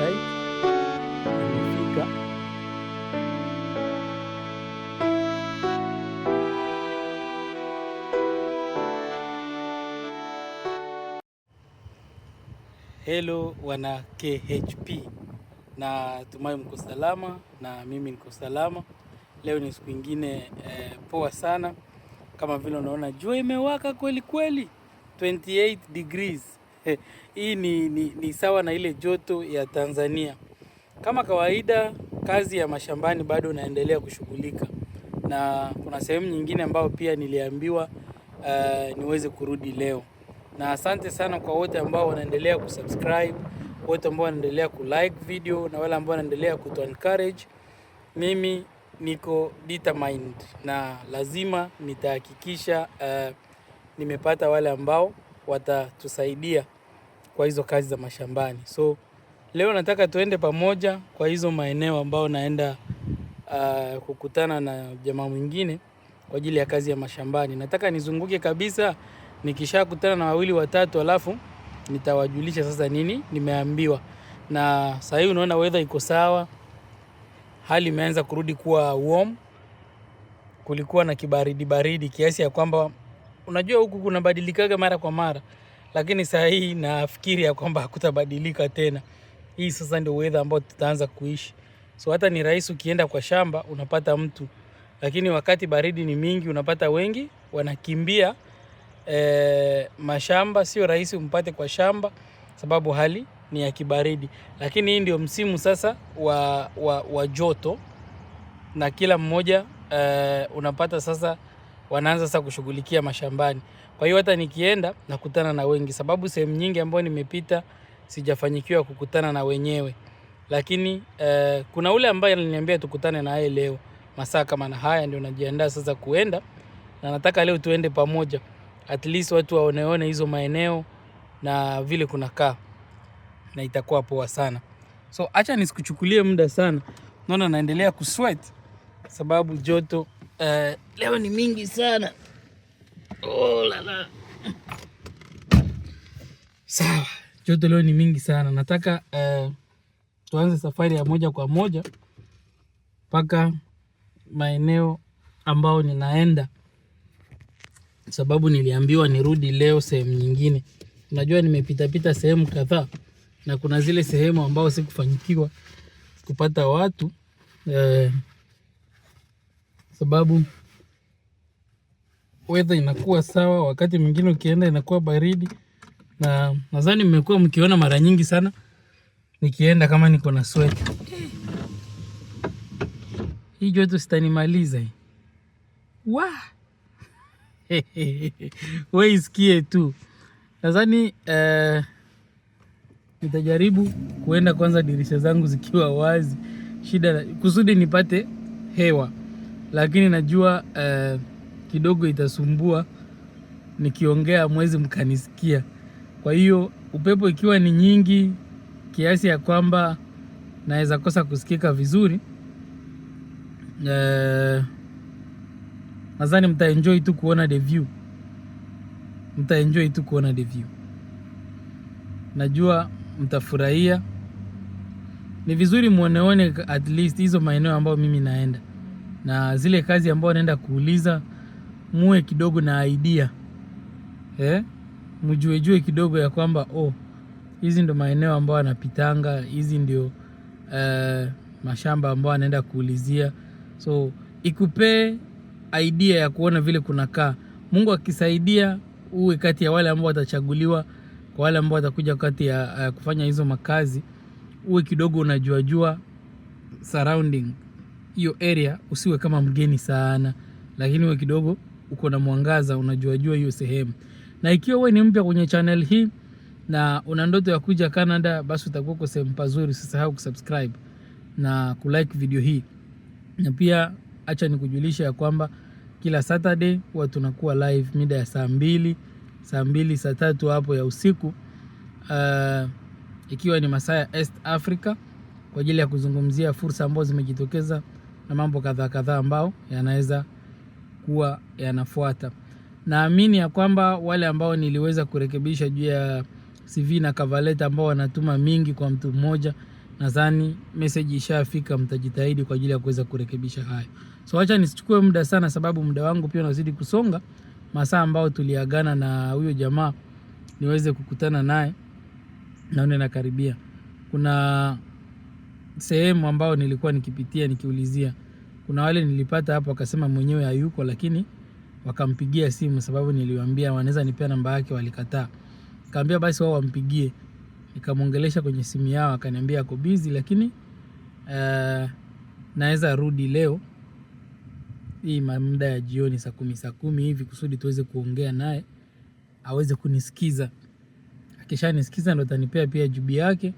site Hello wana KHP, na tumai mko salama, na mimi niko salama. Leo ni siku ingine eh, poa sana kama vile unaona jua imewaka kweli kweli, 28 degrees Eh, hii ni, ni, ni sawa na ile joto ya Tanzania. Kama kawaida, kazi ya mashambani bado naendelea kushughulika, na kuna sehemu nyingine ambayo pia niliambiwa uh, niweze kurudi leo. Na asante sana kwa wote ambao wanaendelea kusubscribe, wote ambao wanaendelea kulike video na wale ambao wanaendelea kuto encourage mimi niko determined na lazima nitahakikisha uh, nimepata wale ambao watatusaidia kwa hizo kazi za mashambani. So leo nataka tuende pamoja kwa hizo maeneo ambao naenda uh, kukutana na jamaa mwingine kwa ajili ya kazi ya mashambani. Nataka nizunguke kabisa, nikishakutana na wawili watatu, alafu nitawajulisha sasa nini nimeambiwa. Na sasa hivi unaona weather iko sawa, hali imeanza kurudi kuwa warm. Kulikuwa na kibaridi baridi kiasi ya kwamba unajua huku kunabadilikaga mara kwa mara, lakini saa hii nafikiri ya kwamba hakutabadilika tena. Hii sasa ndio weather ambao tutaanza kuishi, so hata ni rahisi ukienda kwa shamba unapata mtu, lakini wakati baridi ni mingi unapata wengi wanakimbia e, mashamba. Sio rahisi umpate kwa shamba sababu hali ni ya kibaridi, lakini hii ndio msimu sasa wa, wa, wa joto na kila mmoja e, unapata sasa wanaanza sasa kushughulikia mashambani. Kwa hiyo hata nikienda nakutana na wengi, sababu sehemu nyingi ambayo nimepita sijafanyikiwa kukutana na wenyewe, lakini eh, kuna ule ambaye aliniambia tukutane naye leo masaa kama na haya, ndio najiandaa sasa kuenda na nataka leo tuende pamoja, at least watu waoneone hizo maeneo na vile kunakaa, na itakuwa poa sana. So acha nisikuchukulie muda sana, naona naendelea kusweat sababu joto Uh, leo ni mingi sana. Oh, la. Sawa, joto leo ni mingi sana. Nataka uh, tuanze safari ya moja kwa moja mpaka maeneo ambao ninaenda, sababu niliambiwa nirudi leo sehemu nyingine. Unajua, nimepitapita sehemu kadhaa na kuna zile sehemu ambao sikufanyikiwa kupata watu uh, sababu weather inakuwa sawa, wakati mwingine ukienda inakuwa baridi, na nadhani mmekuwa mkiona mara nyingi sana nikienda kama niko na sweta hii joto sitanimaliza. wa We isikie tu, nadhani uh, nitajaribu kuenda kwanza dirisha zangu zikiwa wazi, shida kusudi nipate hewa lakini najua eh, kidogo itasumbua nikiongea mwezi mkanisikia. Kwa hiyo upepo ikiwa ni nyingi kiasi ya kwamba naweza kosa kusikika vizuri uh, nadhani mtaenjoy tu kuona the view, mtaenjoy tu kuona the view. Najua mtafurahia, ni vizuri mwoneone at least hizo maeneo ambayo mimi naenda na zile kazi ambao naenda kuuliza muwe kidogo na idea eh? Mjuejue kidogo ya kwamba oh, hizi ndo maeneo ambao anapitanga, hizi ndio uh, mashamba ambao anaenda kuulizia, so ikupee idea ya kuona vile kunakaa. Mungu akisaidia uwe kati ya wale ambao watachaguliwa, kwa wale ambao watakuja kati ya uh, kufanya hizo makazi, uwe kidogo unajuajua surrounding hiyo area usiwe kama mgeni sana, lakini we kidogo uko na mwangaza, unajuajua hiyo sehemu. Na ikiwa wewe ni mpya kwenye channel hii na una ndoto ya kuja Canada, basi utakuwa kwa sehemu pazuri. Usisahau kusubscribe na kulike video hii, na pia acha nikujulisha ya kwamba kila Saturday huwa tunakuwa live mida ya saa mbili saa mbili saa tatu hapo ya usiku, uh, ikiwa ni masaa ya East Africa kwa ajili ya kuzungumzia fursa ambazo zimejitokeza na mambo kadhaa kadhaa ambao yanaweza kuwa yanafuata. Naamini ya kwamba wale ambao niliweza kurekebisha juu ya CV na cover letter ambao wanatuma mingi kwa mtu mmoja, nadhani message ishafika, mtajitahidi kwa ajili ya kuweza kurekebisha hayo. So acha nisichukue muda sana, sababu muda wangu pia unazidi kusonga, masaa ambao tuliagana na huyo jamaa niweze kukutana naye, naona nakaribia kuna sehemu ambayo nilikuwa nikipitia nikiulizia, kuna wale nilipata hapo wakasema mwenyewe hayuko, lakini wakampigia simu, sababu niliwaambia wanaweza nipea namba yake, walikataa. Nikamwambia basi wao wampigie, nikamwongelesha kwenye simu yao, akaniambia ako busy, lakini uh, naweza rudi leo hii muda ya jioni saa kumi saa kumi hivi kusudi tuweze kuongea naye aweze kunisikiza. Akishanisikiza ndo atanipea pia jibu yake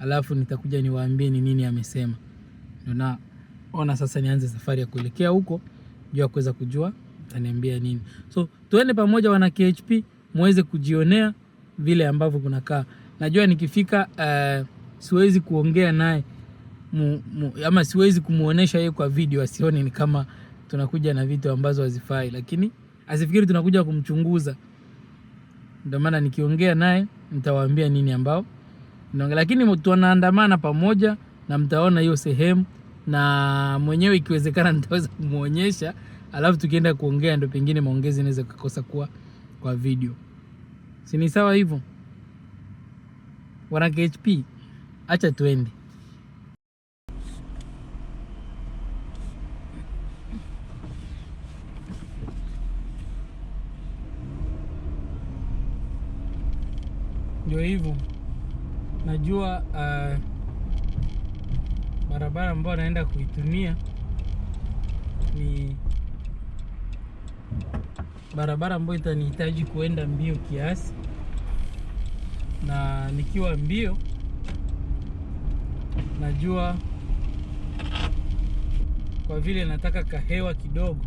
alafu nitakuja niwaambie ni nini amesema. Ndio naona sasa nianze safari ya kuelekea huko juu ya kuweza kujua ataniambia nini. So tuende pamoja, wana KHP, muweze kujionea vile ambavyo kunakaa. Najua nikifika uh, siwezi kuongea naye mu, mu, ama siwezi kumuonesha yeye kwa video, asione ni kama tunakuja na vitu ambazo hazifai, lakini asifikiri tunakuja kumchunguza. Ndio maana nikiongea naye nitawaambia nini ambao Nonge, lakini tunaandamana pamoja na mtaona hiyo sehemu, na mwenyewe ikiwezekana nitaweza kumuonyesha, alafu tukienda kuongea ndio pengine maongezi inaweza kukosa kuwa kwa video, si ni sawa hivyo? Wana KHP, acha tuende. Ndio hivyo najua uh, barabara ambayo naenda kuitumia ni barabara ambayo itanihitaji kuenda mbio kiasi, na nikiwa mbio najua kwa vile nataka kahewa kidogo,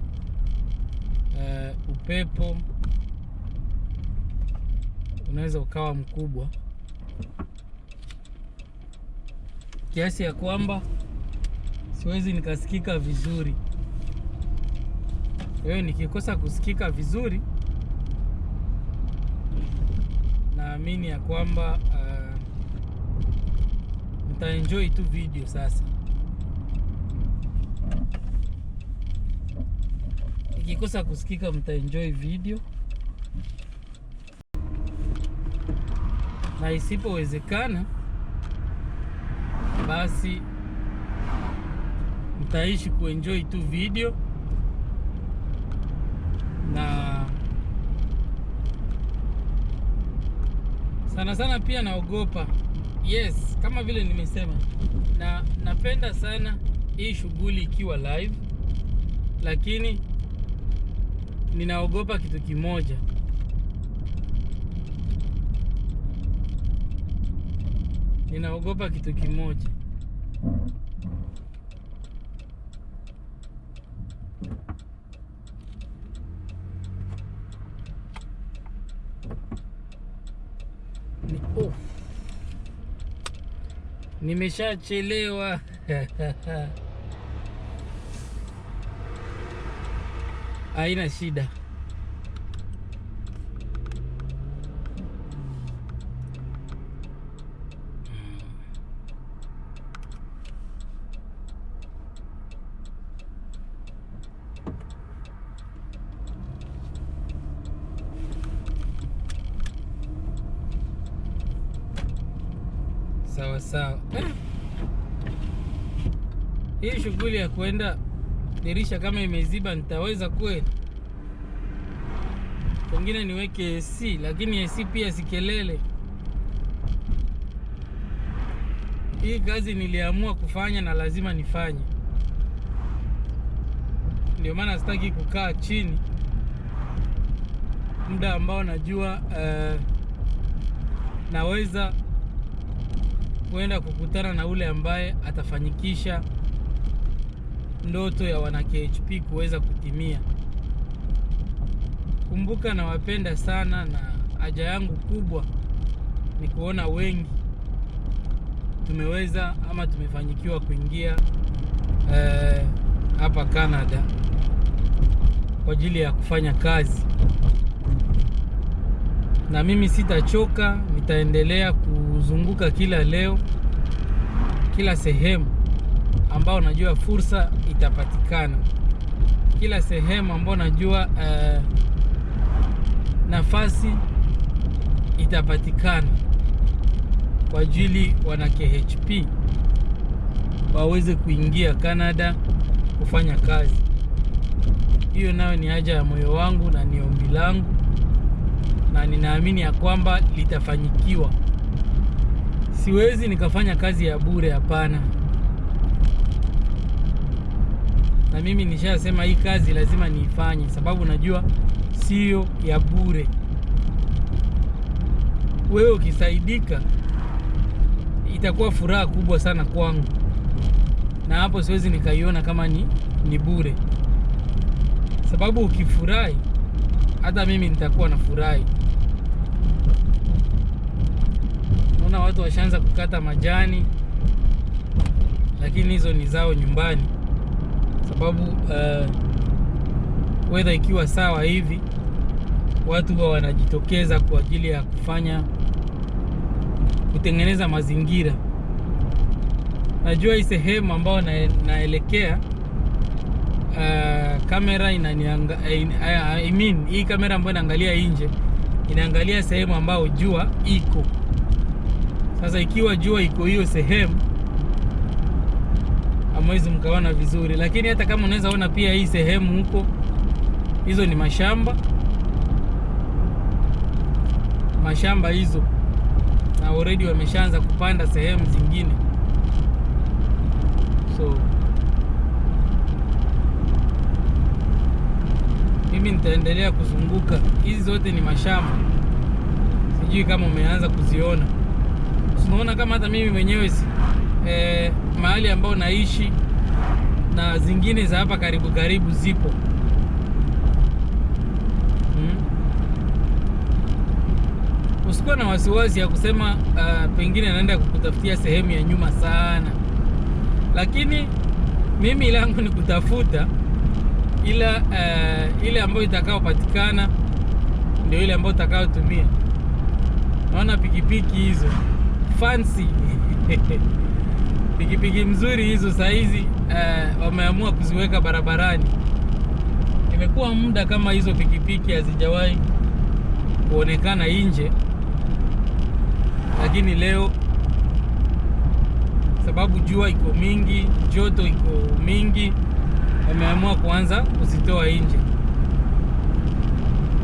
uh, upepo unaweza ukawa mkubwa kiasi ya kwamba siwezi nikasikika vizuri. Kwa hiyo nikikosa kusikika vizuri, naamini ya kwamba uh, nitaenjoy tu video sasa. Nikikosa kusikika, mtaenjoy video na isipowezekana basi mtaishi kuenjoy tu video na sana sana pia naogopa. Yes, kama vile nimesema, na napenda sana hii shughuli ikiwa live, lakini ninaogopa kitu kimoja. Ninaogopa kitu kimoja. Oh. Nimeshachelewa. Haina shida. sawa sawa. Ah! Hii shughuli ya kuenda dirisha kama imeziba nitaweza kweli? Pengine niweke AC, lakini AC pia si kelele. Hii kazi niliamua kufanya na lazima nifanye, ndio maana sitaki kukaa chini muda ambao najua uh, naweza kuenda kukutana na ule ambaye atafanyikisha ndoto ya wana KHP kuweza kutimia. Kumbuka, nawapenda sana na haja yangu kubwa ni kuona wengi tumeweza ama tumefanyikiwa kuingia eh, hapa Canada kwa ajili ya kufanya kazi, na mimi sitachoka, nitaendelea ku kuzunguka kila leo, kila sehemu ambao najua fursa itapatikana, kila sehemu ambao najua uh, nafasi itapatikana kwa ajili wana KHP waweze kuingia Canada kufanya kazi. Hiyo nayo ni haja ya moyo wangu na ni ombi langu, na ninaamini ya kwamba litafanyikiwa siwezi nikafanya kazi ya bure, hapana. Na mimi nishasema hii kazi lazima niifanye, sababu najua sio ya bure. Wewe ukisaidika itakuwa furaha kubwa sana kwangu, na hapo siwezi nikaiona kama ni, ni bure, sababu ukifurahi hata mimi nitakuwa na furahi. naona watu washaanza kukata majani, lakini hizo ni zao nyumbani, sababu uh, weather ikiwa sawa hivi watu huwa wanajitokeza kwa ajili ya kufanya kutengeneza mazingira. Najua hii sehemu ambayo na, naelekea uh, kamera inanianga, in, I mean hii kamera ambayo inaangalia nje inaangalia sehemu ambayo jua iko sasa ikiwa jua iko hiyo sehemu amwezi mkaona vizuri, lakini hata kama unaweza ona pia hii sehemu huko, hizo ni mashamba, mashamba hizo, na already wameshaanza kupanda sehemu zingine, so mimi nitaendelea kuzunguka. Hizi zote ni mashamba, sijui kama umeanza kuziona. Unaona kama hata mimi mwenyewe eh, mahali ambao naishi na zingine za hapa karibu karibu zipo hmm. Usikuwa na wasiwasi ya kusema uh, pengine anaenda kukutafutia sehemu ya nyuma sana, lakini mimi langu ni kutafuta ila uh, ile ambayo itakayopatikana ndio ile ambayo utakayotumia. Naona pikipiki hizo fancy pikipiki mzuri hizo saizi uh, wameamua kuziweka barabarani. Imekuwa muda kama hizo pikipiki hazijawahi kuonekana nje, lakini leo sababu jua iko mingi, joto iko mingi, wameamua kuanza kuzitoa nje.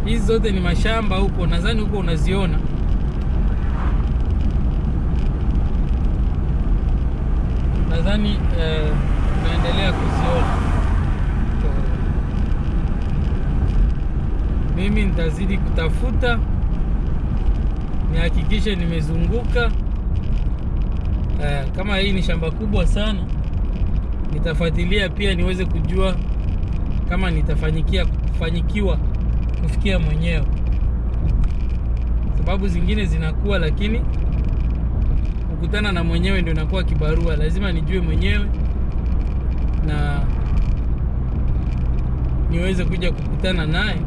Hizi zote ni mashamba huko, nadhani huko unaziona. nadhani eh, tunaendelea kuziona. Mimi nitazidi kutafuta nihakikishe nimezunguka. Eh, kama hii ni shamba kubwa sana, nitafuatilia pia niweze kujua kama nitafanyikia kufanyikiwa kufikia mwenyewe. Sababu zingine zinakuwa lakini kukutana na mwenyewe ndio inakuwa kibarua, lazima nijue mwenyewe na niweze kuja kukutana naye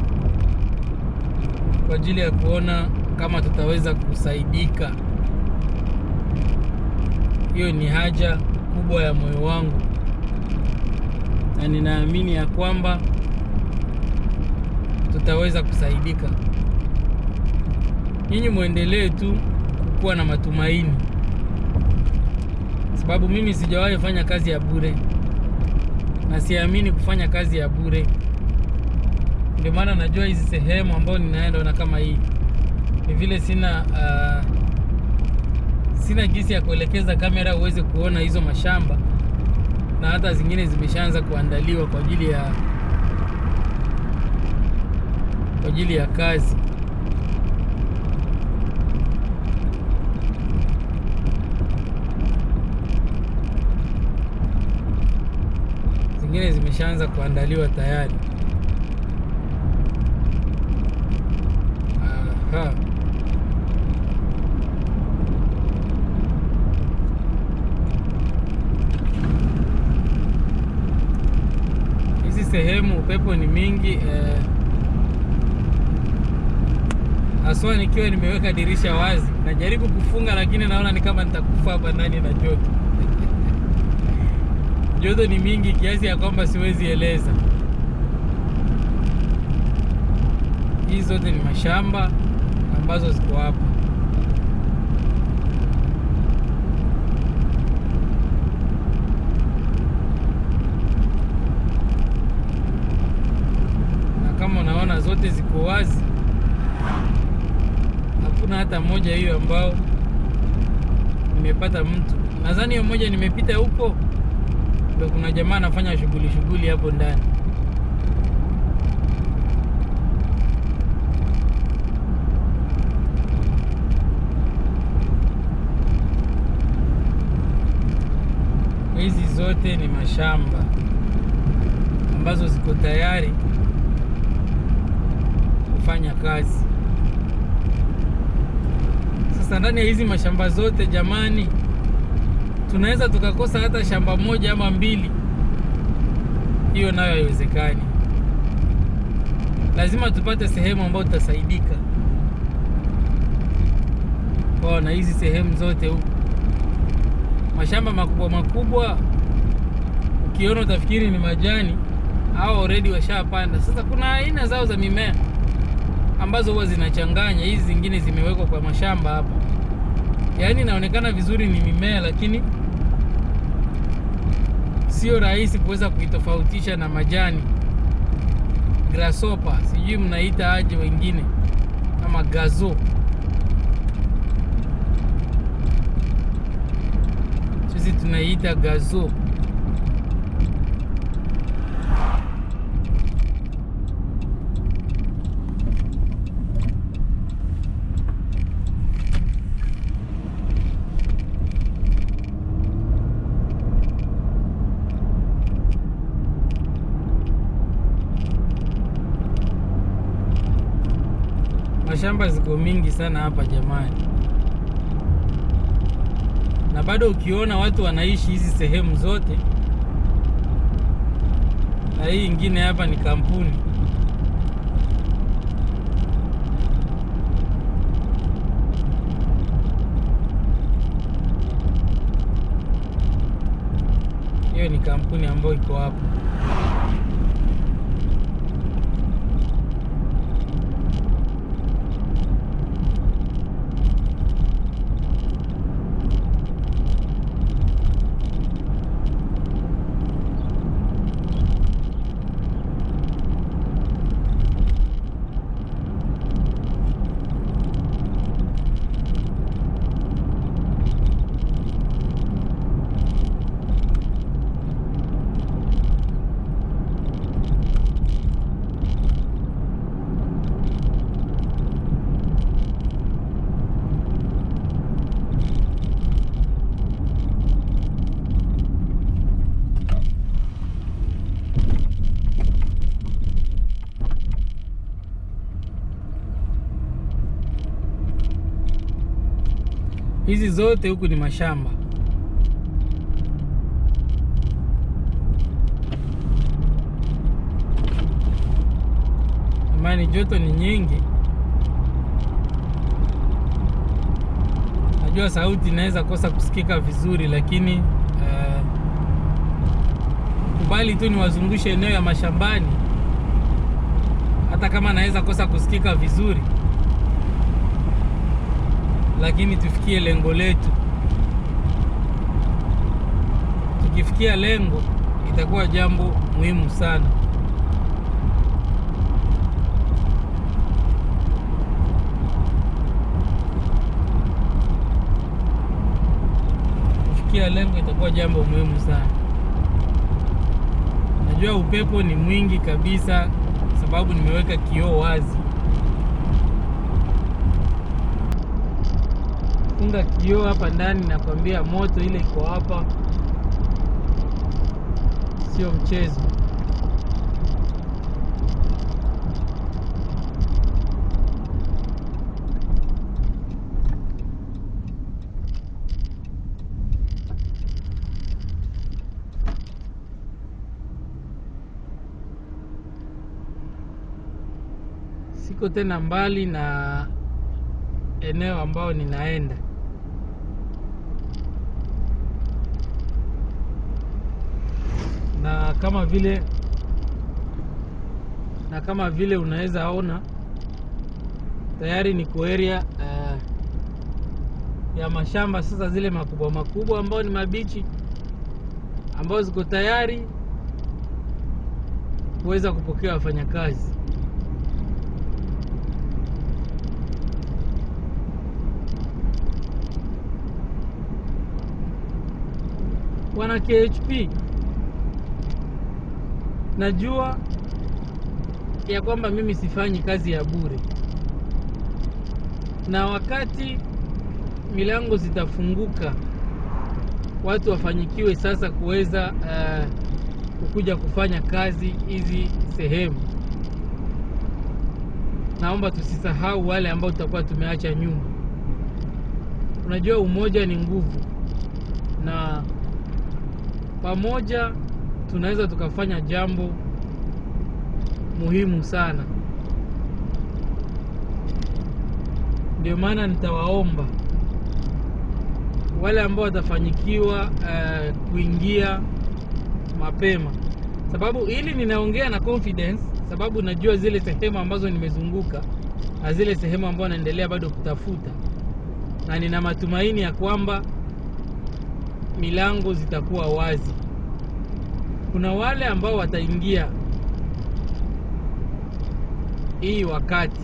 kwa ajili ya kuona kama tutaweza kusaidika. Hiyo ni haja kubwa ya moyo wangu, na ninaamini ya kwamba tutaweza kusaidika. Nyinyi mwendelee tu kuwa na matumaini sababu mimi sijawahi fanya kazi ya bure na siamini kufanya kazi ya bure. Ndio maana najua hizi sehemu ambayo ninaenda na kama hii ni vile sina uh, sina jinsi ya kuelekeza kamera uweze kuona hizo mashamba, na hata zingine zimeshaanza kuandaliwa kwa ajili ya kwa ajili ya kazi. zingine zimeshaanza kuandaliwa tayari. Aha. Hizi sehemu upepo ni mingi eh, haswa nikiwa nimeweka dirisha wazi. Najaribu kufunga, lakini naona ni kama nitakufa hapa ndani na joto joto ni mingi kiasi ya kwamba siwezi eleza. Hii zote ni mashamba ambazo ziko hapa. Na kama unaona zote ziko wazi, hakuna hata moja hiyo ambao nimepata mtu. Nadhani hiyo moja nimepita huko labda kuna jamaa anafanya shughuli shughuli hapo ndani hizi zote ni mashamba ambazo ziko tayari kufanya kazi sasa ndani ya hizi mashamba zote jamani tunaweza tukakosa hata shamba moja ama mbili, hiyo nayo haiwezekani. Lazima tupate sehemu ambayo tutasaidika kwa na hizi sehemu zote huku, mashamba makubwa makubwa, ukiona utafikiri ni majani au already washapanda. Sasa kuna aina zao za mimea ambazo huwa zinachanganya, hizi zingine zimewekwa kwa mashamba hapa, yaani inaonekana vizuri ni mimea lakini sio rahisi kuweza kuitofautisha na majani grasshopper, sijui mnaita aje wengine kama gazo. Sisi tunaiita gazo. shamba ziko mingi sana hapa jamani, na bado ukiona watu wanaishi hizi sehemu zote, na hii ingine hapa ni kampuni hiyo, ni kampuni ambayo iko hapa. hizi zote huku ni mashamba. Amani, joto ni nyingi. Najua sauti inaweza kosa kusikika vizuri, lakini uh, kubali tu niwazungushe eneo ya mashambani, hata kama naweza kosa kusikika vizuri lakini tufikie lengo letu. Tukifikia lengo itakuwa jambo muhimu sana. Kufikia lengo itakuwa jambo muhimu sana. Najua upepo ni mwingi kabisa, sababu nimeweka kioo wazi. nafunga kioo hapa ndani, nakwambia moto ile iko hapa, sio mchezo. Siko tena mbali na eneo ambao ninaenda. na kama vile na kama vile unaweza ona tayari niko area uh, ya mashamba sasa zile makubwa makubwa ambayo ni mabichi ambayo ziko tayari kuweza kupokea wafanyakazi wana KHP najua ya kwamba mimi sifanyi kazi ya bure na wakati milango zitafunguka watu wafanyikiwe sasa kuweza uh, kufanya kazi hizi sehemu naomba tusisahau wale ambao tutakuwa tumeacha nyuma unajua umoja ni nguvu na pamoja tunaweza tukafanya jambo muhimu sana ndio maana nitawaomba wale ambao watafanyikiwa uh, kuingia mapema sababu ili ninaongea na confidence sababu najua zile sehemu ambazo nimezunguka na zile sehemu ambazo naendelea bado kutafuta na nina matumaini ya kwamba milango zitakuwa wazi kuna wale ambao wataingia hii wakati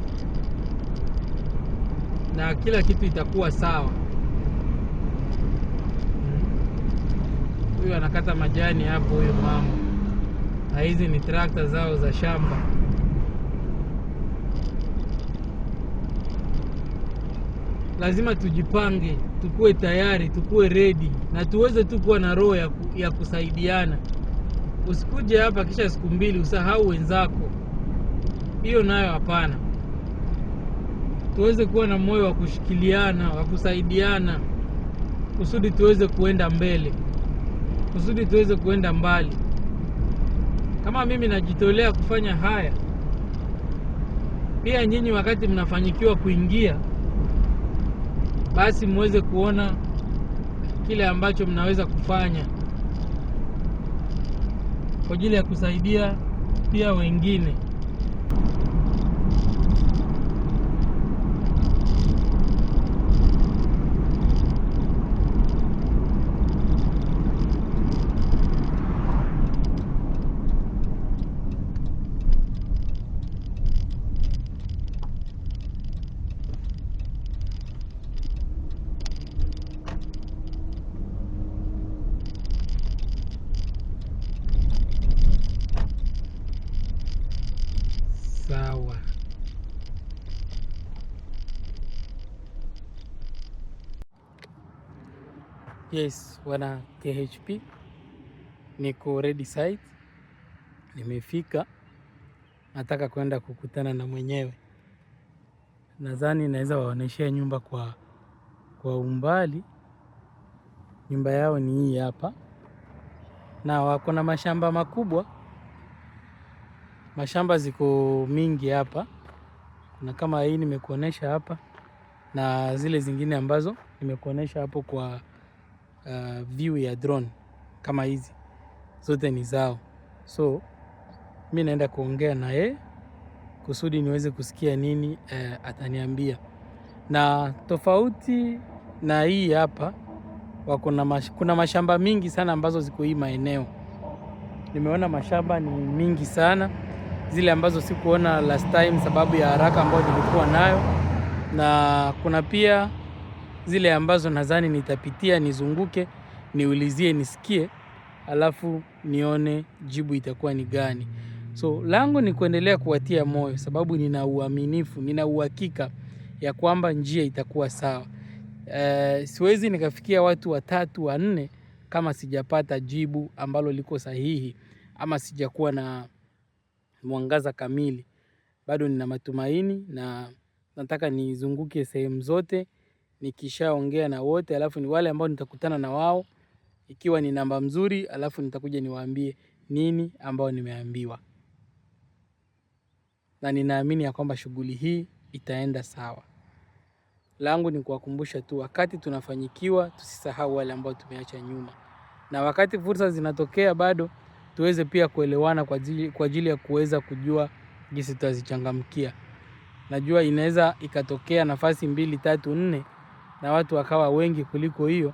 na kila kitu itakuwa sawa. Hmm? Huyu anakata majani hapo, huyu mama, na hizi ni trakta zao za shamba. Lazima tujipange, tukuwe tayari, tukuwe redi na tuweze tu kuwa na roho ya kusaidiana. Usikuje hapa kisha siku mbili usahau wenzako, hiyo nayo hapana. Tuweze kuwa na moyo wa kushikiliana, wa kusaidiana, kusudi tuweze kuenda mbele, kusudi tuweze kuenda mbali. Kama mimi najitolea kufanya haya, pia nyinyi wakati mnafanyikiwa kuingia, basi muweze kuona kile ambacho mnaweza kufanya kwa ajili ya kusaidia pia wengine. Yes, wana KHP, niko ready site, nimefika, nataka kwenda kukutana na mwenyewe. Nadhani naweza waoneshea nyumba kwa, kwa umbali. Nyumba yao ni hii hapa, na wako na mashamba makubwa. Mashamba ziko mingi hapa, kuna kama hii nimekuonesha hapa na zile zingine ambazo nimekuonesha hapo kwa uh, view ya drone kama hizi zote ni zao. So mi naenda kuongea na ye kusudi niweze kusikia nini uh, ataniambia. Na tofauti na hii hapa wakuna mash, kuna mashamba mingi sana ambazo ziko hii maeneo. Nimeona mashamba ni mingi sana zile ambazo sikuona last time sababu ya haraka ambayo nilikuwa nayo, na kuna pia zile ambazo nadhani nitapitia, nizunguke, niulizie, nisikie, alafu nione jibu itakuwa ni gani. So langu ni kuendelea kuwatia moyo, sababu nina uaminifu, nina uhakika ya kwamba njia itakuwa sawa. Uh, siwezi nikafikia watu watatu wanne kama sijapata jibu ambalo liko sahihi ama sijakuwa na mwangaza kamili. Bado nina matumaini na nataka nizunguke sehemu zote nikishaongea na wote, alafu ni wale ambao nitakutana na wao, ikiwa ni namba mzuri, alafu nitakuja niwaambie nini ambao nimeambiwa, na ninaamini ya kwamba shughuli hii itaenda sawa. Langu ni kuwakumbusha tu, wakati tunafanyikiwa tusisahau wale ambao tumeacha nyuma, na wakati fursa zinatokea bado tuweze pia kuelewana kwa ajili kwa ajili ya kuweza kujua jinsi tutazichangamkia. Najua inaweza ikatokea nafasi mbili, tatu, nne na watu wakawa wengi kuliko hiyo,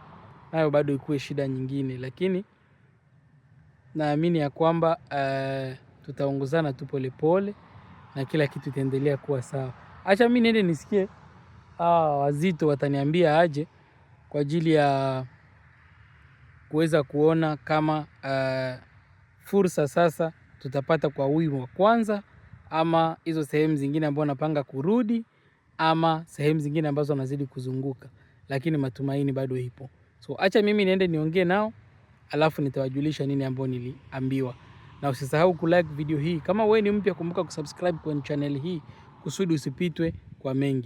nayo bado ikuwe shida nyingine, lakini naamini ya kwamba uh, tutaongozana tu polepole na kila kitu itaendelea kuwa sawa. Acha mimi niende nisikie uh, wazito wataniambia aje kwa ajili ya kuweza kuona kama uh, fursa sasa tutapata kwa huyu wa kwanza ama hizo sehemu zingine ambao napanga kurudi ama sehemu zingine ambazo wanazidi kuzunguka, lakini matumaini bado ipo. So acha mimi niende niongee nao, alafu nitawajulisha nini ambao niliambiwa, na usisahau kulike video hii. Kama wewe ni mpya, kumbuka kusubscribe kwenye channel hii kusudi usipitwe kwa mengi.